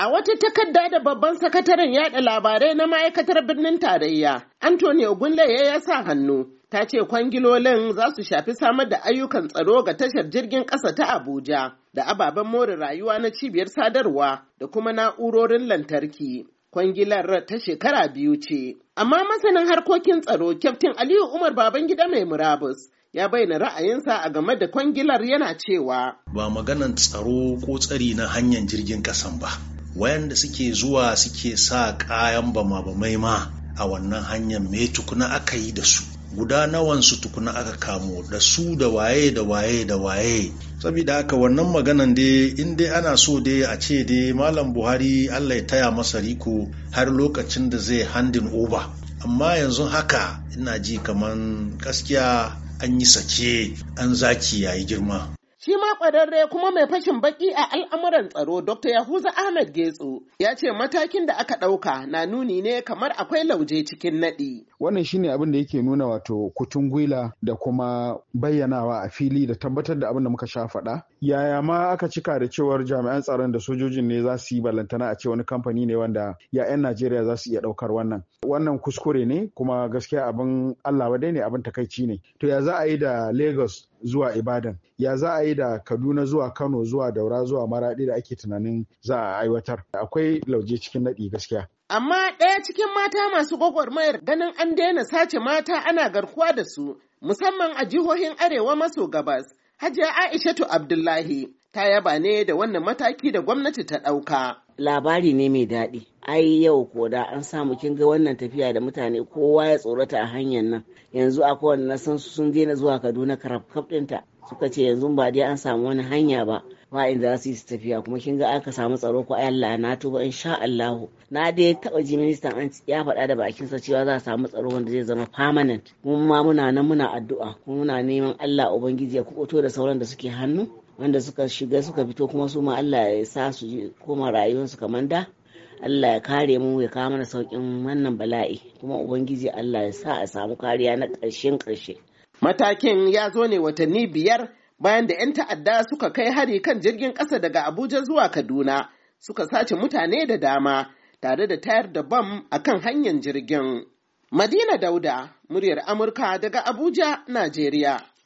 A wata takarda da babban sakataren yada labarai na ma'aikatar birnin tarayya, Antonio Gunlaye ya sa hannu, ta ce kwangilolin za su shafi samar da ayyukan tsaro ga tashar jirgin ƙasa ta Abuja da ababen more rayuwa na cibiyar sadarwa da kuma na'urorin lantarki. Kwangilar ta shekara biyu ce. Amma masanin harkokin tsaro, Kyaftin Aliyu Umar Babangida mai murabus, ya bayyana ra'ayinsa a game da kwangilar yana cewa ba maganan tsaro ko tsari na hanyar jirgin kasan ba wayanda suke zuwa suke sa kayan bama-bamai ma a wannan hanyar me tukuna aka yi da su guda nawansu tukuna aka kamo da su da waye da waye da waye saboda haka wannan maganan dai in dai ana so dai a ce dai malam buhari allah ya taya masa riko har lokacin da zai handin oba amma yanzu haka ina ji kaman gaskiya an yi sake an zaki yayi girma kuma ƙwararre kuma mai fashin baki a al'amuran tsaro Dr. Yahuza Ahmed Getso ya ce matakin da aka ɗauka na nuni ne kamar akwai lauje cikin naɗi. Wannan shine abin da yake nuna wato kutun gwila da kuma bayyanawa a fili da tabbatar da abin da muka sha faɗa. Yaya ma aka cika da cewar jami'an tsaron da sojojin ne za su yi ballantana a ce wani kamfani ne wanda 'ya'yan Najeriya za su iya ɗaukar wannan. Wannan kuskure ne kuma gaskiya abin Allah wadai ne abin takaici ne. To ya za a yi da Lagos zuwa Ibadan ya za a yi da Kaduna zuwa Kano zuwa Daura zuwa Maraɗi da ake tunanin za a aiwatar akwai lauje cikin naɗi gaskiya amma ɗaya cikin mata masu gwagwarmayar ganin an daina sace mata ana garkuwa da su musamman a jihohin arewa maso gabas hajiya aishatu abdullahi ta yaba ne da wannan mataki da gwamnati ta ɗauka. Labari ne mai daɗi. Ai yau ko da an samu kin ga wannan tafiya da mutane kowa ya tsorata a hanyar nan. Yanzu akwai kowane na san sun daina zuwa Kaduna karaf ɗinta. Suka ce yanzu ba dai an samu wani hanya ba. ba inda za su yi su tafiya kuma kin ga aka samu tsaro ko Allah na in insha Allahu na dai taɓa ji ministan an ya faɗa da bakinsa cewa za a samu tsaro wanda zai zama permanent mun ma muna nan muna addu'a kuma muna neman Allah ubangiji ya kuɓuto da sauran da suke hannu wanda suka shiga suka fito kuma su ma Allah ya sa su koma rayuwarsu kamar da Allah ya kare mu ya kawo mana saukin wannan bala'i kuma ubangiji Allah ya sa a samu kariya na ƙarshen ƙarshe. Matakin ya zo ne watanni biyar bayan da 'yan ta'adda suka kai hari kan jirgin ƙasa daga Abuja zuwa Kaduna suka sace mutane da dama tare da tayar da bam akan hanyar jirgin. Madina Dauda, muryar Amurka daga Abuja, Najeriya.